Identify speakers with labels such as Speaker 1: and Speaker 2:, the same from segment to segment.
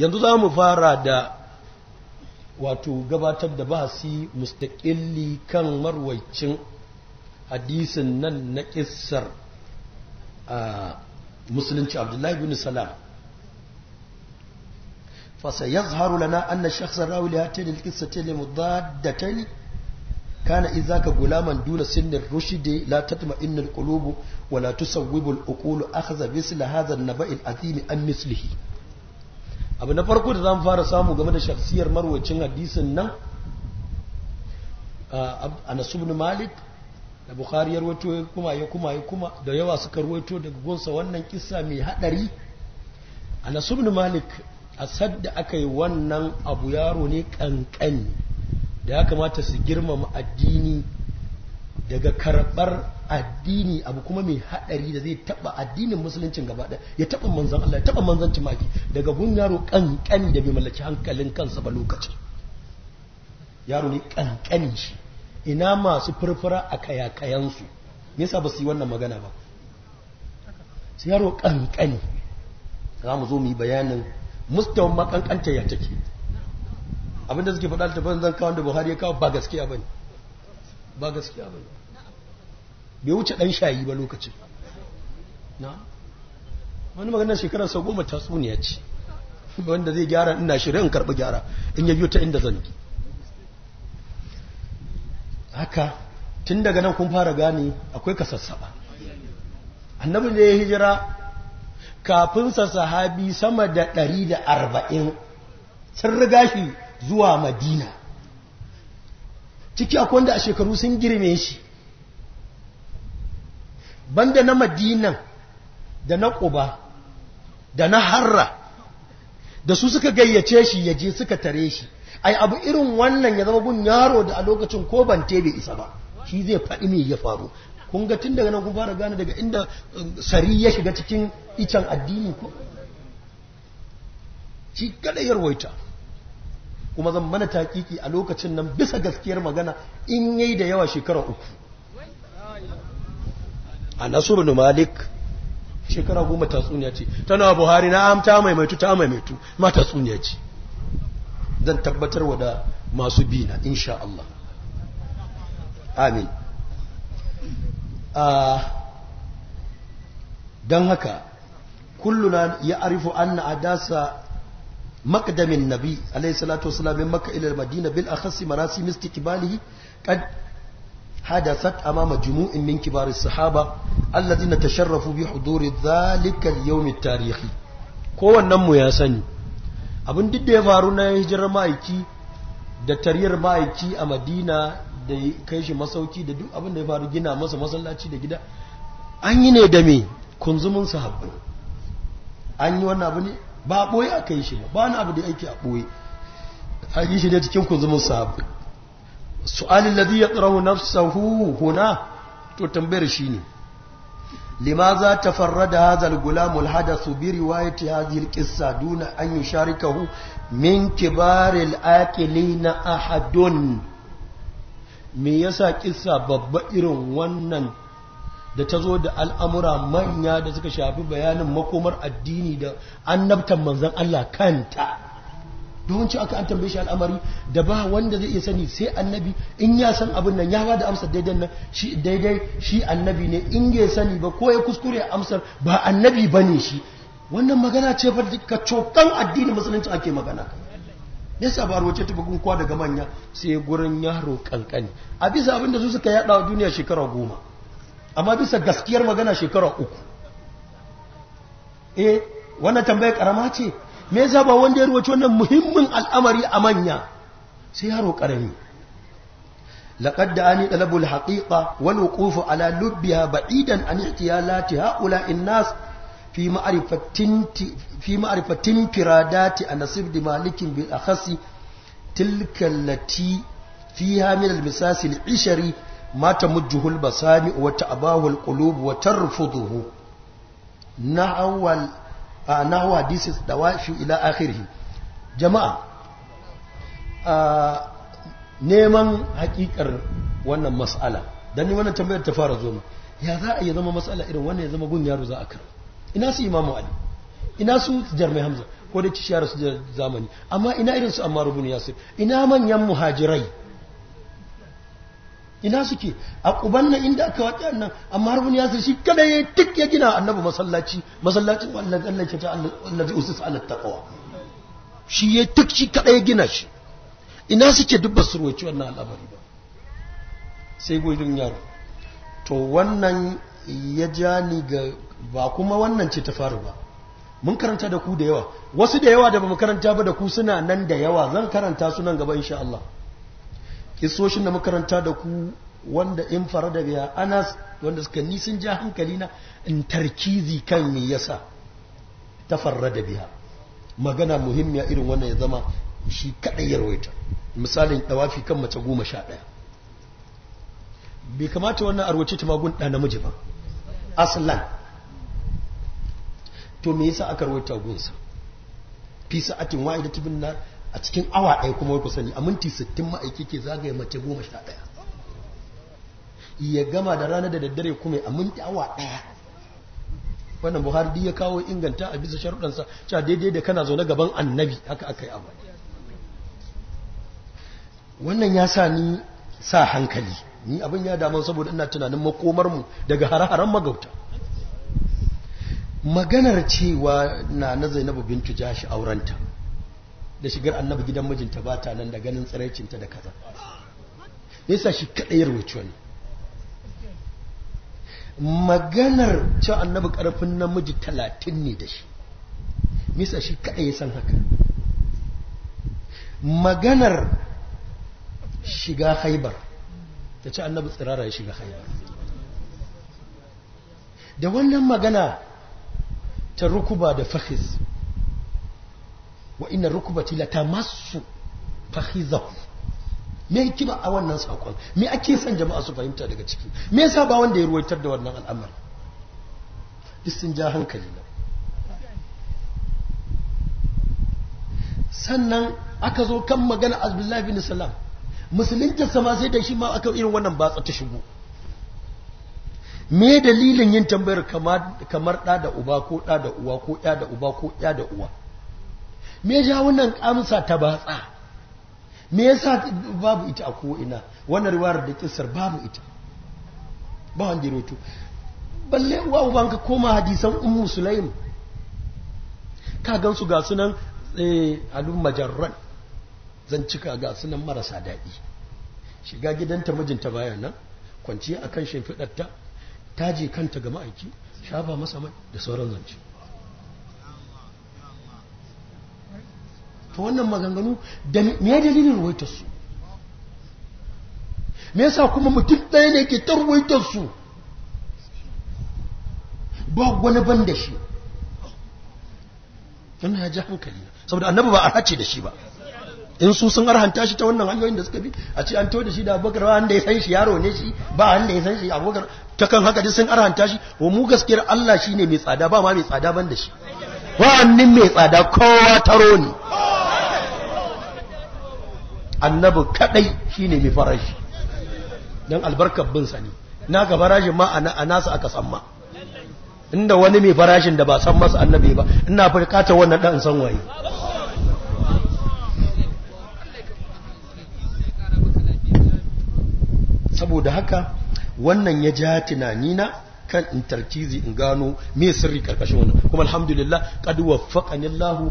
Speaker 1: yanzu za mu fara da wato gabatar da bahasi mustaƙilli kan marwaicin hadisin nan na ƙisar musulunci abdullahi bin salam fasa ya lana an na shaksar rawuli ya tele ƙisar tele mu da tele kana iza ka gulaman dula sinin rushide la tatma innal qulubu wala tusawwibul uqulu akhza bisla hadha an naba'il azimi an mislihi abu na farko da zamu fara samu game da shafsiyar marwacin hadisin nan Anas ibn Malik da Bukhari ya ya kuma ya kuma ya kuma da yawa suka ruwato daga gonsa wannan kisa mai hadari Anas ibn Malik asad da aka yi wannan abu yaro ne kankani da ya kamata su girmama addini daga karɓar addini abu kuma mai haɗari da zai taɓa addinin musuluncin gaba ɗaya ya taɓa manzan Allah ya taɓa manzancin maki daga gun yaro ƙanƙani da bai mallaki hankalin kansa ba lokacin yaro ne ƙanƙani shi ina masu furfura a kayakayansu me yasa ba su yi wannan magana ba sai yaro ƙanƙani za mu zo mu yi bayanin mustawan ma ya take abinda suke faɗa da zan kawo da Buhari ya kawo ba gaskiya bane ba gaskiya ba bai wuce ɗan shayi ba lokacin na wani maganar shekarar sau goma ta ya ce wanda zai gyara ina shirin karɓi gyara in yabi ta inda zan yi haka tun daga nan kun fara gane akwai kasassaba annabin da ya hijira kafinsa sahabi sama da ɗari da arba'in sun riga shi zuwa madina ciki akwai wanda a shekaru sun girme shi banda na madinan da na ƙuba da na harra da su suka gayyace shi ya je suka tare shi ai abu irin wannan ya zama bun yaro da a lokacin ko ban bai isa ba shi zai faɗi me ya faru kun ga tun daga nan kun fara gane daga inda eh, sari ya shiga cikin icen addini ko shi kada yarwaita kuma zan mana takiki a lokacin nan bisa gaskiyar magana in yayi da yawa shekara uku a nasiru da malik shekara goma ta tsuniya ce tana buhari na amta maimaitu ta maimaitu ma ta tsuniya ce zan tabbatar wa da masu bi na insha Allah amin don haka kulluna ya arifu an na adasa maqdamin nabi alayhi salatu wasalam min makka ila madina bil akhas marasim istiqbalihi qad حدثت أمام جموع من كبار الصحابة الذين تشرفوا بحضور ذلك اليوم التاريخي kowannen mu ya sani abin duk da ya faru na hijirar ma'aiki da tariyar ma'aiki a madina da kai shi masauki da duk abin da ya faru gina masa masallaci da gida an yi ne da me kunzumin sahabbai an yi wannan abu ne ba a ɓoye aka yi shi ba ba na abu da yake a ɓoye a yi shi ne cikin kunzumin sahabu su'alin ladhi ya tsirahu sahu huna to tambayar shi ne ta farra da hazal gulamul hadathu bi ta hadhihi alqissa duna an sharikahu min kibaril na ahadun me yasa kissa babba irin wannan da ta zo da al'amura manya da suka shafi bayanin makomar addini da annabtan manzan Allah kanta ci aka an tambaye shi al'amari da ba wanda zai iya sani sai annabi in ya san abin nan ya ba da amsar daidai nan shi daidai shi annabi ne in ya sani ba ko ya kuskure amsar ba annabi ba ne shi wannan magana ce fa ka cokan addini musulunci ake magana yasa ba ruwace ta bugun kwa daga manya sai gurin yaro kankani a bisa abin da su suka yada duniya shekara goma amma bisa gaskiyar magana shekara uku eh wannan tambayar karama ce me yasa ba wanda ya rubuta wannan muhimmin al'amari a manya sai yaro karami laqad da'ani talabul haqiqa wal wuquf ala lubbiha ba'idan an ihtiyalati haula innas fi ma'rifatin fi ma'rifatin firadati anasib di malikin bil akhasi tilka allati fiha min al al ishari ma tamujjuhul basami wa ta'bahul qulub wa tarfuduhu nahwal nahwa hadisis dawashi ila akhirih jama'a neman hakikar wannan mas'ala dan ni wannan tambayar ta fara zoma. ya za a yi zama mas'ala irin wannan ya zama gun yaro za a kar ina su imamu ali ina su jarmai hamza ko da ci shara su zamani amma ina irin su amma rubun yasir ina manyan muhajirai ina suke a kuban na inda aka waƙi nan amma ya sai shi kada ya tik ya gina annabi masallaci masallaci wallahi Allah ke ta allazi usus ala taqwa shi ya tik shi kada ya gina shi ina suke duk basu ruwaci wannan al'amari ba sai goyin yaro to wannan ya ja ni ga ba kuma wannan ce ta faru ba mun karanta da ku da yawa wasu da yawa da ba mu karanta ba da ku suna nan da yawa zan karanta su nan gaba insha Allah kisoshin da makaranta da ku wanda in fara da biya anas wanda suka nisan ja hankali na in tarkizi kan me yasa ta farra da biya magana muhimmiya irin wannan ya zama shi kaɗai ya rawaita misalin ɗawafi kan mace goma sha ɗaya bai kamata wannan a rawace tumagun ɗa namiji ba aslan to me yasa aka rawaita gunsa fi sa'atin wa'idatin bin nar a cikin awa ɗaya kuma wai ku sani a minti sittin ma'aiki ke zagaye mace goma sha ɗaya ya gama da rana da daddare kuma a minti awa ɗaya wannan buhari ya kawo inganta a bisa sharuɗansa cewa daidai da kana zaune gaban annabi haka aka yi abu wannan ya sa ni sa hankali ni abin ya damu saboda ina tunanin makomarmu daga hare-haren magauta maganar cewa na na zainabu bintu jashi aurenta da shigar annabi gidan mijinta ba ta nan da ganin tsiraicinta da kaza yasa shi kaɗa ya rubuci wani maganar cewa annabi ƙarfin namiji talatin ne da shi misa shi kaɗai ya san haka maganar shiga haibar da ce annabi tsirara ya shiga haibar da wannan magana ta rukuba da fahis wa inna rukubati la tamassu fahizahu me ba a wannan sakon me ake son jama'a su fahimta daga ciki me yasa ba wanda ya ruwaitar da wannan al'amari duk sun ja hankali na sannan aka zo kan magana abdullahi bin salam musulunta sama sai da shi ma aka irin wannan batsa ta shigo me dalilin yin tambayar kamar ɗa da uba ko ɗa da uwa ko ɗa da uba ko ɗa da uwa me ya wannan amsa ta batsa me yasa babu ita a ko'ina wannan riwayar da kissar babu ita ba wanda ya roto balle uwa uban ka koma hadisan ummu sulaim ka gansu ga sunan eh, alum majarran zan cika ga sunan marasa daɗi shiga gidanta mijinta bayan nan kwanciya akan shimfiɗarta taje kanta ga ma'aiki shafa masa mai da sauran zance to wannan maganganu da me dalilin ruwaitar su me yasa kuma mutum ɗaya ne ke ta ruwaitar su ba wani ban da shi don ya ji hankali saboda annabi ba a hace da shi ba in su sun arhanta shi ta wannan hanyoyin da suka bi a ce an to da shi da abubakar ba wanda ya san shi yaro ne shi ba wanda ya san shi abubakar ta kan haka duk sun arhanta shi wa mu gaskiyar Allah shi ne mai tsada ba ma mai tsada ban da shi wa'annin mai tsada kowa taro ne annabi kadai shine mai farashi dan albarkar bin sa ne na ga farashin ma a nasa aka san ma inda wani mai farashin da ba san masa annabi ba ina furkata wannan dan san waye saboda haka wannan ya ja tunani na kan in in gano me sirri karkashin wannan kuma alhamdulillah qad waffaqani Allah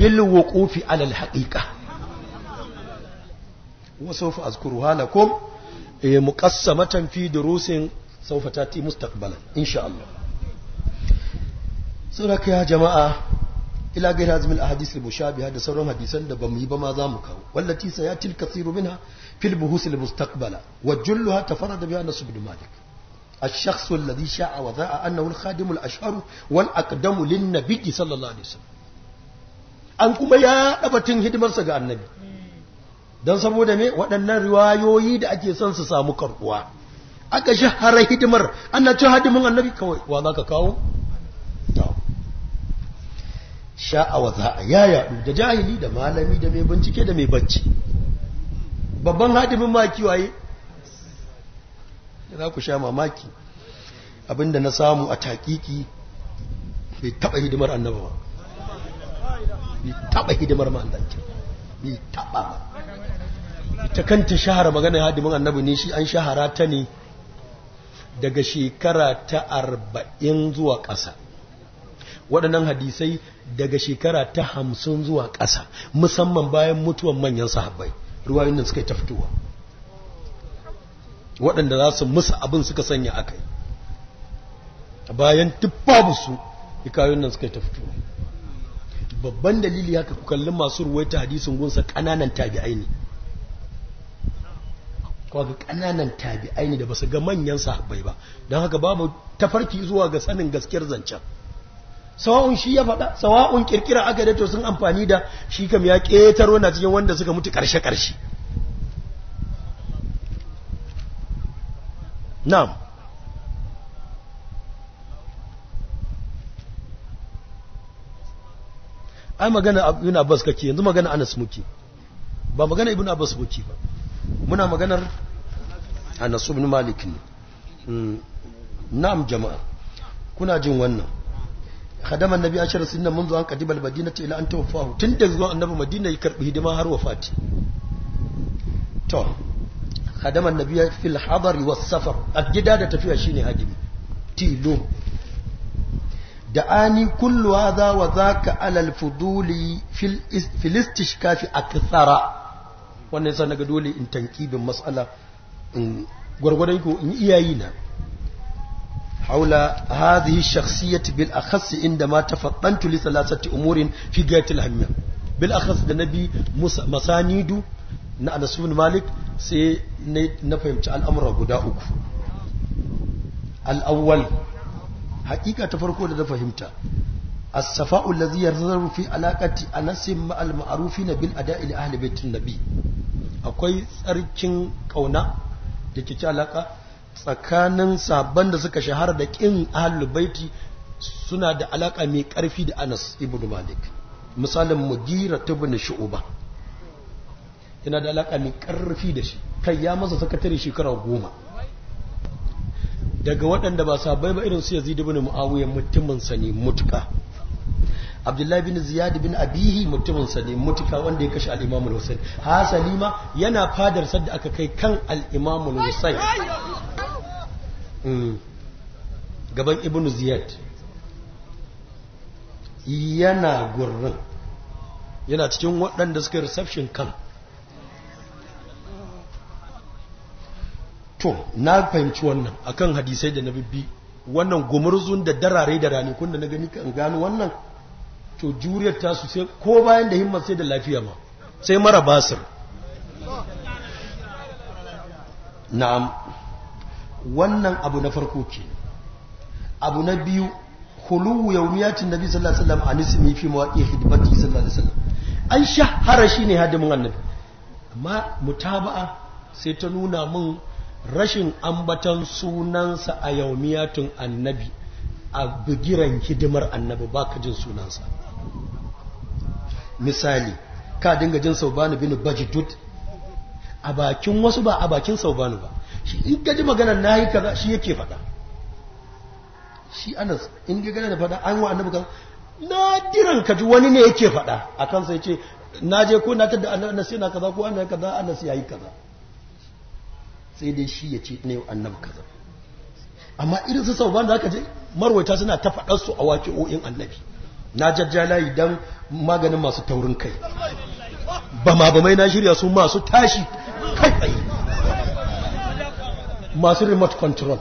Speaker 1: bil wuqufi ala al haqiqa wa sawfa azkuruha lakum e muqassamatan fi durusin sawfa tati mustaqbalan insha Allah suraka jama'a ila gairi azmil ahadith al da sauran hadisan da yi ba ma zamu kawo wallati sayatil kathiru minha fil buhus al-mustaqbala wa julluha tafarrada الشخص الذي شاء وذاء أنه الخادم الأشهر والأقدم للنبي صلى الله عليه وسلم an kuma ya ɗabatin hidimarsa ga annabi don saboda me waɗannan riwayoyi da ake son su samu karɓuwa, aka har hidimar ana cin hadimin annabi kawai wa za ka kawo sha'awa za a ya yaɗu da jahili da malami da mai bincike da mai bacci babban hadimin maki waye za ku sha mamaki abinda na samu a takiki bai taɓa hidimar annabawa bai taɓa hidimar ma'andancin bai taba ba ita kanta shahara maganar hadimin annabi ne shi an shahara ta ne daga shekara ta arba'in zuwa ƙasa waɗannan hadisai daga shekara ta hamsin zuwa ƙasa musamman bayan mutuwan manyan sahabbai ruwayoyin suka yi ta fitowa waɗanda za su musa abin suka sanya akai bayan tuffa su ikayoyin nan suka yi ta babban dalili haka ku kalli masu ruwaita hadisin gunsa ƙananan tabi'ai ne kwaga ƙananan tabi'ai ne da basu ga manyan sahabbai ba don haka babu tafarki zuwa ga sanin gaskiyar zancen sawa'un shi ya faɗa sawa'un kirkira aka da sun amfani da shi kam ya ƙetaro na cikin wanda suka mutu ƙarshe-ƙarshe na'am ai magana ibn abbas kake yanzu magana anas muke ba magana ibn abbas muke ba muna maganar anas ibn malik ne hmm. na'am jama'a kuna jin wannan khadaman nabi ashar mun zo an qadiba al-madinati ila an tawaffahu tun da zuwa annabi madina ya karbi hidima har wafati to khadaman nabi fil hadari was safar a gida da tafiya shine hadimi tilo ani kullu hadha wa zaka alal fuduli kafi a akthara wannan yasa naga dole in tankibin mas'ala in gurgurdan ko in iyayi na haula hadhihi shakhsiyati bil akhas inda ma tafaqantu li thalathati umurin fi gayatil hamya bil akhas da nabi masanidu na Anas ibn Malik sai na fahimci al'amura guda uku al-awwal haƙiƙa ta farko da na fahimta as-safa'u allazi yarzaru fi alaqati anasim ma'al ma'rufina bil ada'i li ahli baitin nabi akwai tsarkin kauna da ke ci alaka tsakanin sabban da suka shahara da kin ahli baiti suna da alaka mai karfi da Anas ibn Malik misalin Mugira ibn Shu'ba yana da alaka mai karfi da shi kai ya masa sakatare shekara goma daga waɗanda ba sabai ba irin su yazid ibn mu'awiyar mutumin sani mutuka abdullahi bin ziyad bin abihi mutumin sani mutuka wanda ya kashe al-imam ha salima yana fadar sadda aka kai kan al-imam mm. gaban ibn ziyad yana gurrin yana cikin waɗanda suka reception kan to na fahimci wannan akan hadisai da na bibbi wannan gumurzun da darare da rani kun da na gani kan gano wannan to juriyar ta su sai ko bayan da himma sai da lafiya ma sai mara basir na'am wannan abu na farko ke abu na biyu khuluwu yawmiyatin nabi sallallahu alaihi wasallam an mi fi mawaqi hidmati sallallahu alaihi wasallam an shahara shine hadimin annabi amma mutaba'a sai ta nuna mun rashin ambatan sunansa a yaumiyatun annabi a bigiran hidimar annabi ba ka jin sunansa misali ka dinga jin bini baji bajidud a bakin wasu ba a bakin sau bani ba shi in gaji magana na yi kaza shi yake faɗa shi anas in ga gana da faɗa an wa annabi kaza na diran kaji wani ne yake faɗa a kansa ya ce na je ko na tadda annabi sai na kaza ko annabi kaza annabi ya yi kaza sai dai shi ya ce ne annabi kaza amma irin su sau da aka je marwata suna ta faɗar su a o'in annabi na jajjalayi don maganin masu taurin kai ba ma ba mai na shirya su masu tashi kai tsaye masu remote control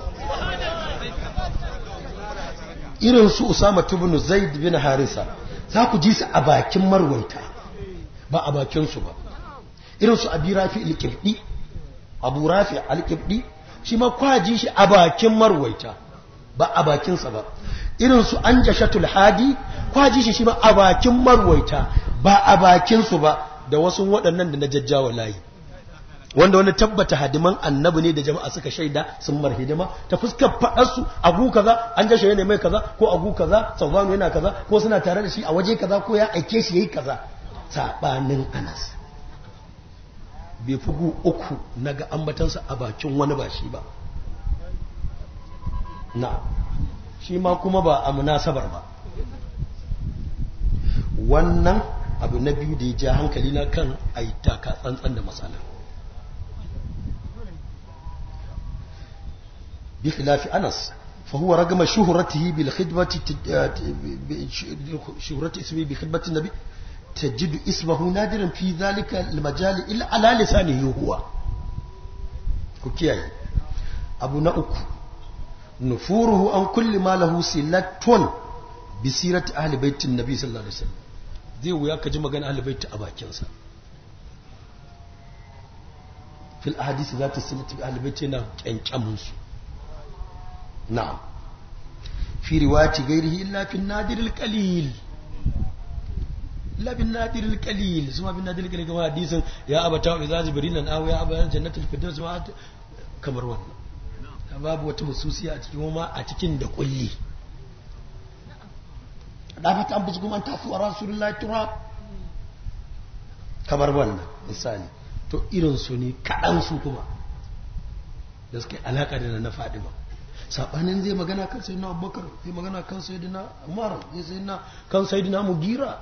Speaker 1: irin su usama tubinu zaid bin harisa za ku ji su a bakin marwaita ba a bakinsu ba irin su abirafi ilkirdi abu rafi alƙibdi shi ma kwaji shi a bakin marwaita ba a bakinsa ba irin su an jashatul hadi kwaji shi shi ma a bakin marwaita ba a bakinsu ba da wasu waɗannan da na jajjawa layi wanda wani tabbata hadiman annabi ne da jama'a suka shaida sun mar hidima ta fuskar faɗarsu abu kaza an jashe yana mai kaza ko abu kaza sauvanu yana kaza ko suna tare da shi a waje kaza ko ya aike shi yayi kaza saɓanin anas bai fugu uku na ga ambatansa a bakin wani ba shi ba na shi ma kuma ba a munasabar ba wannan abu na biyu da ya ja hankali na kan a yi taka tsantsan da matsala bi khilafi anas فهو رغم شهرته بالخدمة شهرة اسمه بخدمة النبي tajidu ismahu nadirin fi zalika almajali illa ala lisani yuhuwa ku kiyaye abu na uku nufuruhu an kulle ma lahu silatun bi sirati ahli baitin nabi sallallahu alaihi wasallam zai wuya ka ji magana ahli baiti a bakin sa fil ahadisi zati silati na kyankyamin su na'am fi riwayati ghairihi illa fi la bin suma bin kamar hadisin ya abata wa kamar wannan wata mususiya a cikin da kulli da kamar wannan misali to irin su ne kaɗan su kuma da suke alaƙa da na faɗi ba saɓanin zai magana kan sai abubakar zai magana kan sai umar zai sai kan sai mugira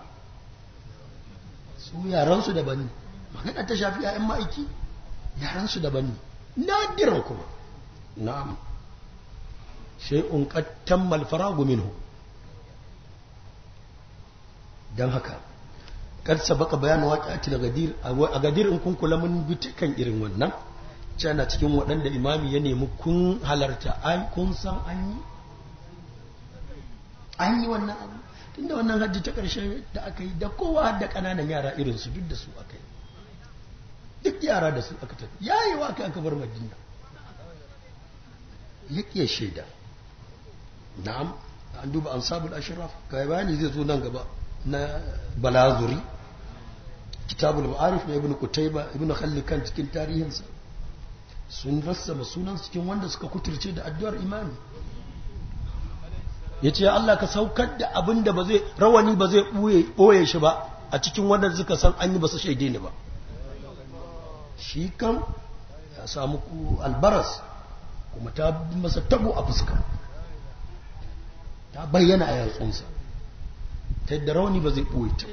Speaker 1: su yaransu daban ne magana ta shafi ‘ya'yan ma'aiki yaransu daban ne nadiran kuma na'am sai qad tamma al-faragu minhu dan haka kar sabaka bayanin waqi'ati al-gadir a gadir in kun kula mun bi kan irin wannan cana cikin waɗanda imami ya nemi kun halarta ai kun san an yi an yi wannan abu tunda wannan hajji ta ƙarshe da aka yi da kowa da ƙananan yara irinsu duk da su aka yi duk yara da su aka tafi ya yi wa aka bar madina ya ƙiya shaida na'am an duba an sabul ashraf yi bayani zai zo nan gaba na balazuri kitabul ma'arif na ibnu Kutaiba ibnu khallikan cikin tarihinsa sun rassa sunan cikin wanda suka kuturce da addu'ar imani ya ce Allah ka saukar da abin da ba zai rawani ba zai ɓoye shi ba a cikin wanda suka san an yi ba su shaide ni ba shi kan ya samu ku albaras kuma ta masa tabo a fuska ta bayyana a yatsunsa ta yadda rauni ba zai ɓoye ta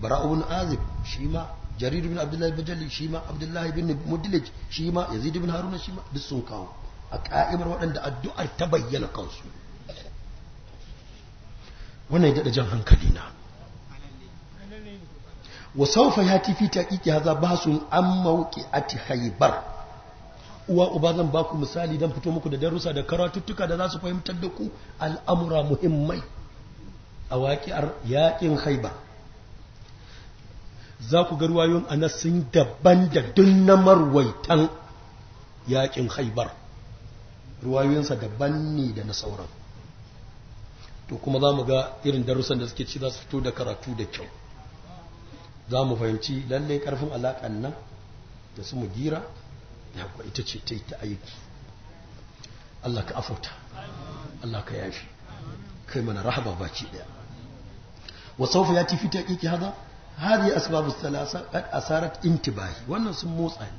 Speaker 1: bara'un azib shi ma jarir bin abdullahi bin jalli shi ma abdullahi bin mudilaj shi ma yazid bin haruna shi ma duk sun kawo a ƙa'imar waɗanda addu'ar ta bayyana kansu wannan ya jan hankali na wa saufa ya ta ƙiƙe haza ba su an mawuƙi a ti haibar uwa uba zan ba ku misali don fito muku da darussa da karatuttuka da za su fahimtar da ku al'amura muhimmai a waƙiyar yaƙin haibar za ku garwayon anas sun daban da dunna marwaitan yaƙin haibar ruwayoyinsa daban ne da na sauran to kuma za mu ga irin darussan da suke ci za su fito da karatu da kyau za mu fahimci lallai karfin alaƙan nan da su mu gira da haƙwa ita ce ta yi ta aiki Allah ka afauta Allah ka yafi kai mana rahaba baki ɗaya wa saufa ya tafi ta ƙiƙi haza hadi asbabu salasa qad asarat intibahi wannan sun motsa ne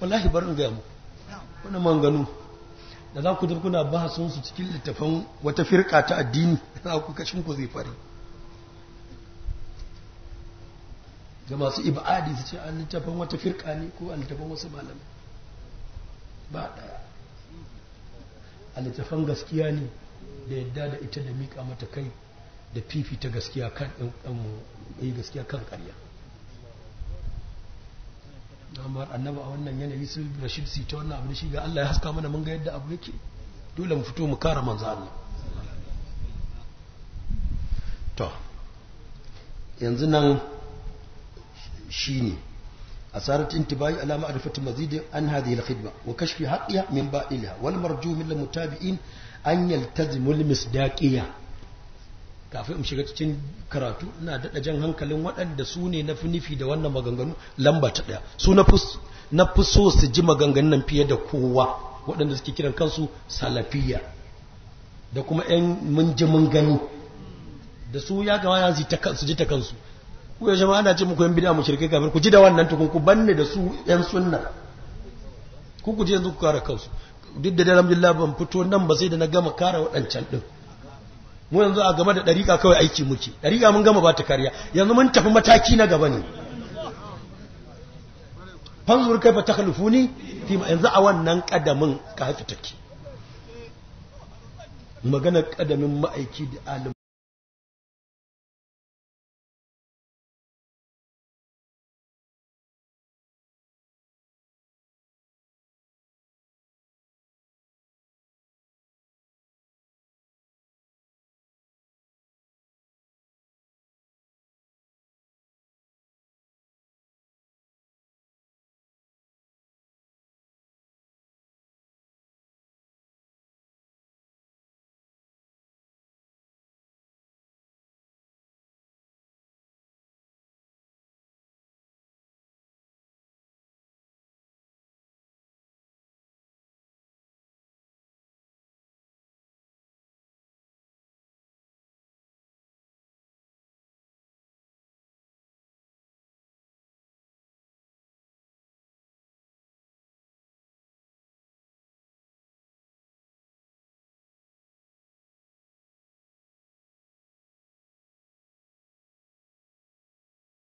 Speaker 1: wallahi barin gaya mu wannan manganu da za ku tafi kuna ba su cikin littafin wata firka ta addini za ku kashin ku zai fari Da masu ibadi su ce an littafin wata firka ne ko an littafin wasu malamai ba daya a littafin gaskiya ne da yadda da ita da miƙa mata kai da fifita gaskiya kan ɗan gaskiya kan ƙarya amma annaba a wannan yanayi su rashid su ta wannan abu da shi ga Allah ya haska mana mun ga yadda abu yake dole mu fito mu kara manzo Allah to yanzu nan shine asarat intibai ala ma'rifati mazid an hadhihi al wa kashfi haqqiha min ba'ilha wal marju min mutabiin an yaltazimu al-misdaqiyah kafin in shiga cikin karatu ina daɗa jan hankalin waɗanda su ne na fi nufi da wannan maganganu lamba ta ɗaya su na fi so su ji maganganun nan fiye da kowa waɗanda suke kiran kansu salafiya da kuma 'yan mun ji mun gani da su ya gama su ji ta kansu ku ya jama'a ana ce muku yan bid'a shirke kafin ku ji da wannan tukun ku banne da su yan sunna ku ku ji yanzu ku kare kansu duk da alhamdulillah ban fito nan ba sai da na gama kare waɗancan ɗin. mu yanzu a game da ɗariƙa kawai aiki muke ɗariƙa mun gama ba ta kariya yanzu mun tafi mataki na gaba ne fanzur kai fa takhlufuni fi yanzu a wannan kadamin ka haka take maganar ƙadamin ma'aiki da alim